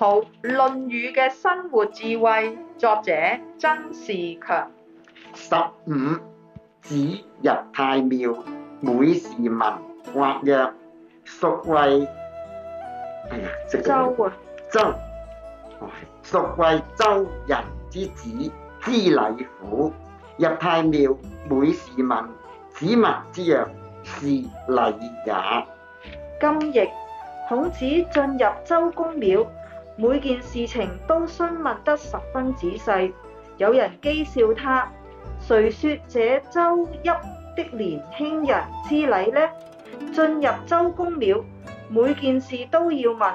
好《論語》嘅生活智慧，作者曾仕強。十五子入太廟，每事問。或曰：孰謂？哎呀，周啊，周。孰謂周人之子？知禮乎？入太廟，每事問。子聞之曰：是禮也。今譯孔子進入周公廟。每件事情都詢問得十分仔細，有人譏笑他：誰說這周邑的年輕人知禮呢？進入周公廟，每件事都要問。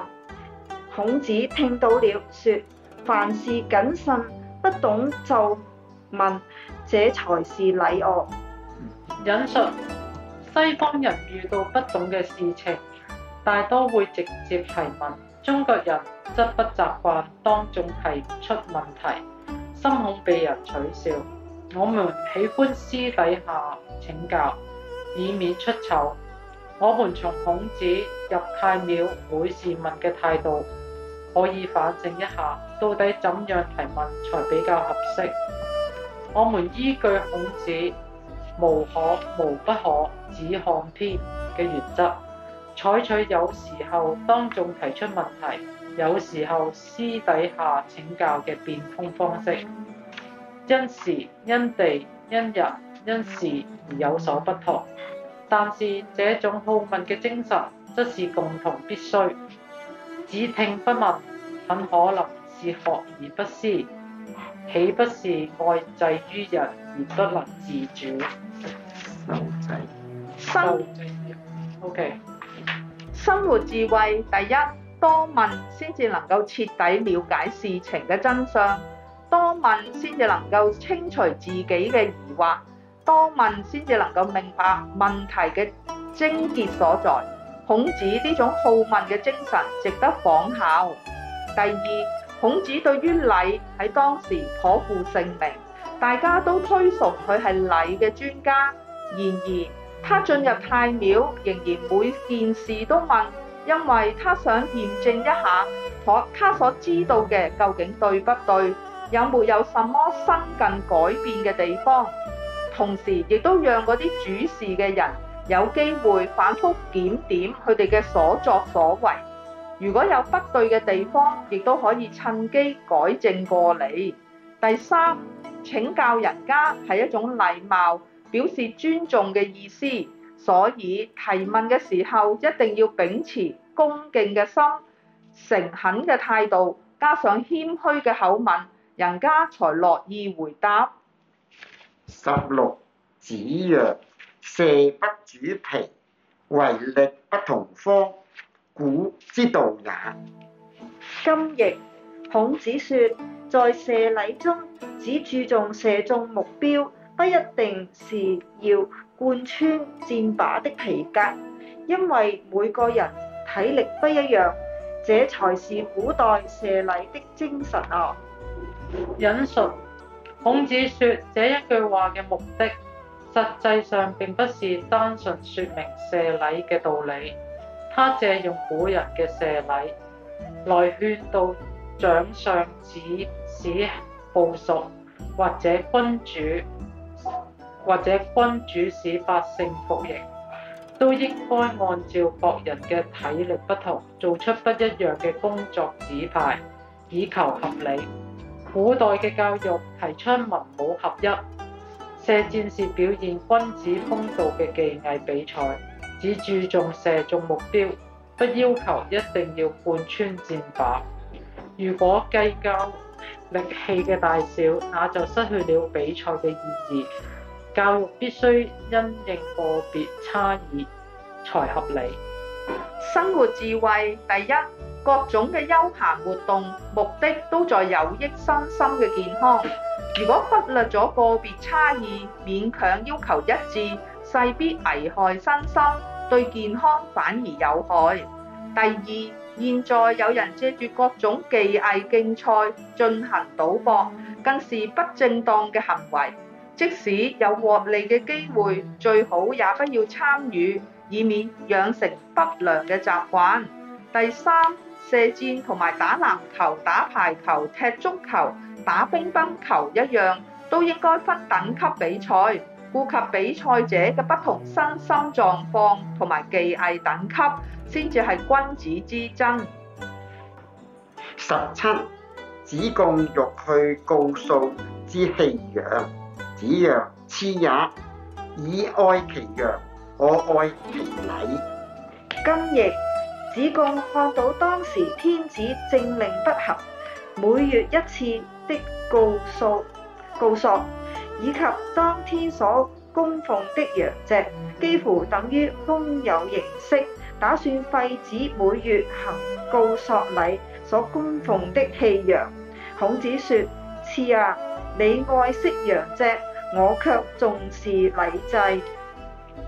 孔子聽到了，說：凡事謹慎，不懂就問，這才是禮哦、啊。引述西方人遇到不懂嘅事情，大多會直接提問；中國人。則不習慣當眾提出問題，心恐被人取笑。我們喜歡私底下請教，以免出醜。我們從孔子入太廟每事問嘅態度，可以反省一下，到底怎樣提問才比較合適？我們依據孔子無可無不可只看偏嘅原則，採取有時候當眾提出問題。有時候私底下請教嘅變通方式，因時、因地、因人、因事而有所不同。但是這種好問嘅精神，則是共同必須。只聽不問，很可能是學而不思，豈不是愛制於人而不能自主？生，O.K. 生活智慧第一。多問先至能夠徹底了解事情嘅真相，多問先至能夠清除自己嘅疑惑，多問先至能夠明白問題嘅症結所在。孔子呢種好問嘅精神值得仿效。第二，孔子對於禮喺當時頗負盛名，大家都推崇佢係禮嘅專家。然而，他進入太廟，仍然每件事都問。因為他想驗證一下所他所知道嘅究竟對不對，有沒有什麼新近改變嘅地方，同時亦都讓嗰啲主事嘅人有機會反覆檢點佢哋嘅所作所為，如果有不對嘅地方，亦都可以趁機改正過嚟。第三，請教人家係一種禮貌，表示尊重嘅意思。所以提問嘅時候，一定要秉持恭敬嘅心、誠懇嘅態度，加上謙虛嘅口吻，人家才樂意回答。十六，子曰：射不主皮，為力不同科，古之道也。今譯，孔子說，在射禮中，只注重射中目標。不一定是要貫穿箭靶的皮革，因為每個人體力不一樣，這才是古代射禮的精神啊！引述孔子說，這一句話嘅目的，實際上並不是單純說明射禮嘅道理，他借用古人嘅射禮來勸導長上、子、使、部屬或者君主。或者君主使百姓服役，都應該按照各人嘅體力不同，做出不一樣嘅工作指派，以求合理。古代嘅教育提倡文武合一，射箭是表現君子風度嘅技藝比賽，只注重射中目標，不要求一定要貫穿箭靶。如果計較。力氣嘅大小，那就失去了比賽嘅意義。教育必須因應個別差異，才合理。生活智慧，第一，各種嘅休閒活動目的都在有益身心嘅健康。如果忽略咗個別差異，勉強要求一致，勢必危害身心，對健康反而有害。第二。現在有人借著各種技藝競賽進行賭博，更是不正當嘅行為。即使有獲利嘅機會，最好也不要參與，以免養成不良嘅習慣。第三，射箭同埋打籃球、打排球、踢足球、打乒乓球一樣，都應該分等級比賽。顧及比賽者嘅不同身心狀況同埋技藝等級，先至係君子之爭。十七，子貢欲去告朔之餼羊，子曰：賜也，以愛其羊，我愛其禮。今日，子貢看到當時天子政令不合，每月一次的告朔，告朔。以及當天所供奉的羊隻，幾乎等於公有形式。打算廢止每月行告朔禮所供奉的餼羊。孔子說：賜啊，你愛惜羊隻，我卻重視禮制。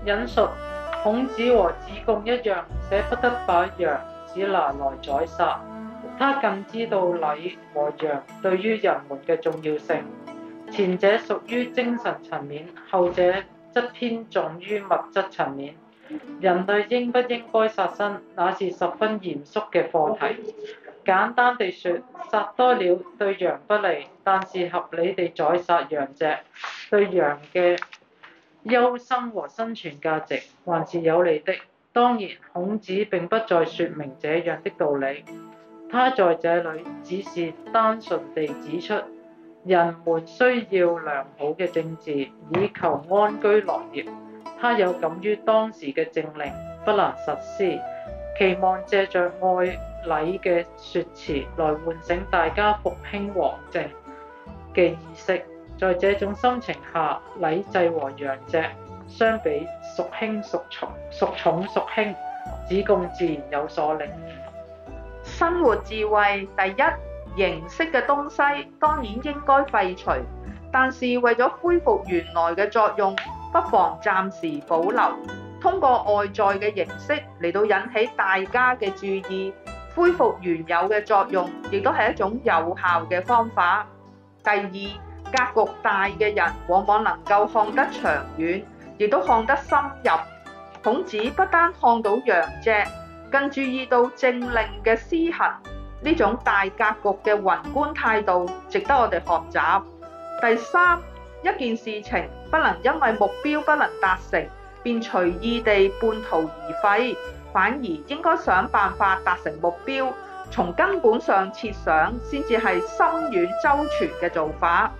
引述孔子和子貢一樣，捨不得把羊隻拿來宰殺。他更知道禮和羊對於人們嘅重要性。前者屬於精神層面，後者則偏重於物質層面。人類應不應該殺生，那是十分嚴肅嘅課題。簡單地說，殺多了對羊不利，但是合理地宰殺羊隻，對羊嘅優生和生存價值還是有利的。當然，孔子並不再説明這樣的道理，他在這裡只是單純地指出。人們需要良好嘅政治，以求安居樂業。他有感於當時嘅政令不能實施，期望借着愛禮嘅説辭來喚醒大家復興和政嘅意識。在這種心情下，禮制和羊隻相比屬屬，孰輕孰重？孰重孰輕？子貢自然有所領悟。生活智慧第一。形式嘅東西當然應該廢除，但是為咗恢復原來嘅作用，不妨暫時保留。通過外在嘅形式嚟到引起大家嘅注意，恢復原有嘅作用，亦都係一種有效嘅方法。第二，格局大嘅人往往能夠看得長遠，亦都看得深入。孔子不單看到羊隻，更注意到政令嘅施行。呢種大格局嘅宏觀態度，值得我哋學習。第三，一件事情不能因為目標不能達成，便隨意地半途而廢，反而應該想辦法達成目標，從根本上設想，先至係深遠周全嘅做法。